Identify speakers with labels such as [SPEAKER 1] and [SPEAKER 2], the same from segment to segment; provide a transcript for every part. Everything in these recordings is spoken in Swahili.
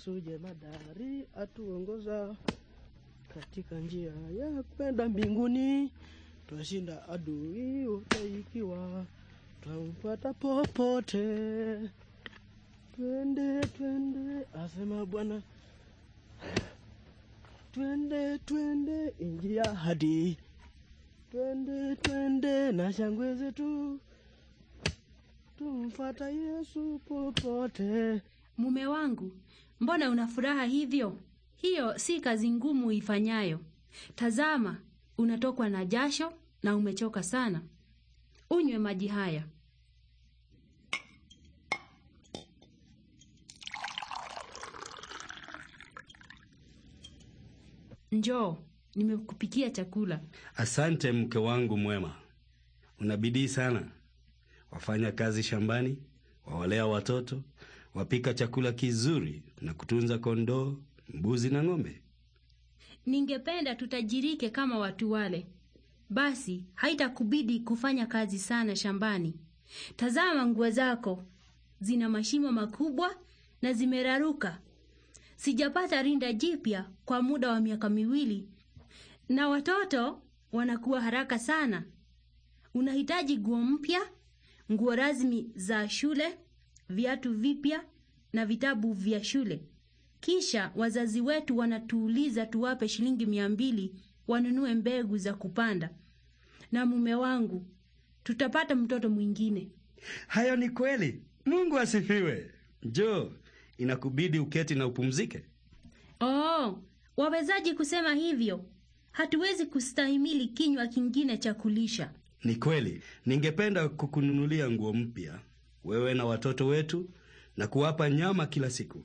[SPEAKER 1] asuje Madari atuongoza katika njia ya kwenda mbinguni, twashinda adui wote ikiwa twampata popote. Twende twende, asema Bwana, twende twende, ingia hadi twende twende na shangwe zetu, tumfata Yesu popote.
[SPEAKER 2] Mume wangu, Mbona una furaha hivyo? Hiyo si kazi ngumu ifanyayo. Tazama, unatokwa na jasho na umechoka sana. Unywe maji haya. Njoo, nimekupikia chakula.
[SPEAKER 3] Asante mke wangu mwema, una bidii sana, wafanya kazi shambani, wawalea watoto wapika chakula kizuri na kutunza kondoo, mbuzi na ng'ombe.
[SPEAKER 2] Ningependa tutajirike kama watu wale, basi haitakubidi kufanya kazi sana shambani. Tazama nguo zako zina mashimo makubwa na zimeraruka. Sijapata rinda jipya kwa muda wa miaka miwili, na watoto wanakuwa haraka sana. Unahitaji nguo mpya, nguo rasmi za shule viatu vipya na vitabu vya shule. Kisha wazazi wetu wanatuuliza tuwape shilingi mia mbili wanunue mbegu za kupanda. Na mume wangu, tutapata mtoto mwingine.
[SPEAKER 3] Hayo ni kweli. Mungu asifiwe. Jo, inakubidi uketi na upumzike.
[SPEAKER 2] Oh, wawezaji kusema hivyo? Hatuwezi kustahimili kinywa kingine cha kulisha.
[SPEAKER 3] Ni kweli. Ningependa kukununulia nguo mpya wewe na watoto wetu na kuwapa nyama kila siku.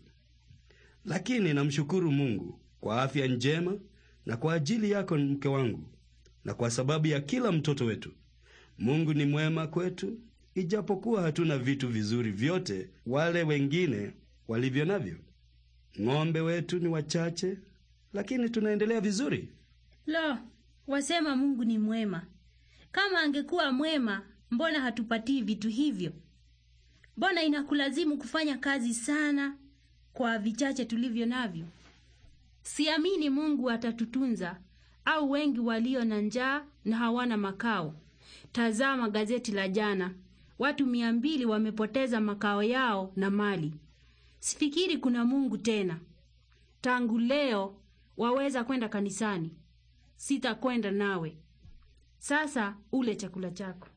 [SPEAKER 3] Lakini namshukuru Mungu kwa afya njema na kwa ajili yako mke wangu na kwa sababu ya kila mtoto wetu. Mungu ni mwema kwetu, ijapokuwa hatuna vitu vizuri vyote wale wengine walivyo navyo. Ng'ombe wetu ni wachache, lakini tunaendelea vizuri.
[SPEAKER 2] Lo, wasema Mungu ni mwema. Kama angekuwa mwema, mbona hatupatii vitu hivyo? Mbona inakulazimu kufanya kazi sana kwa vichache tulivyo navyo? Siamini Mungu atatutunza au wengi walio na njaa na hawana makao. Tazama gazeti la jana. Watu mia mbili wamepoteza makao yao na mali. Sifikiri kuna Mungu tena. Tangu leo waweza kwenda kanisani. Sitakwenda nawe. Sasa ule chakula chako.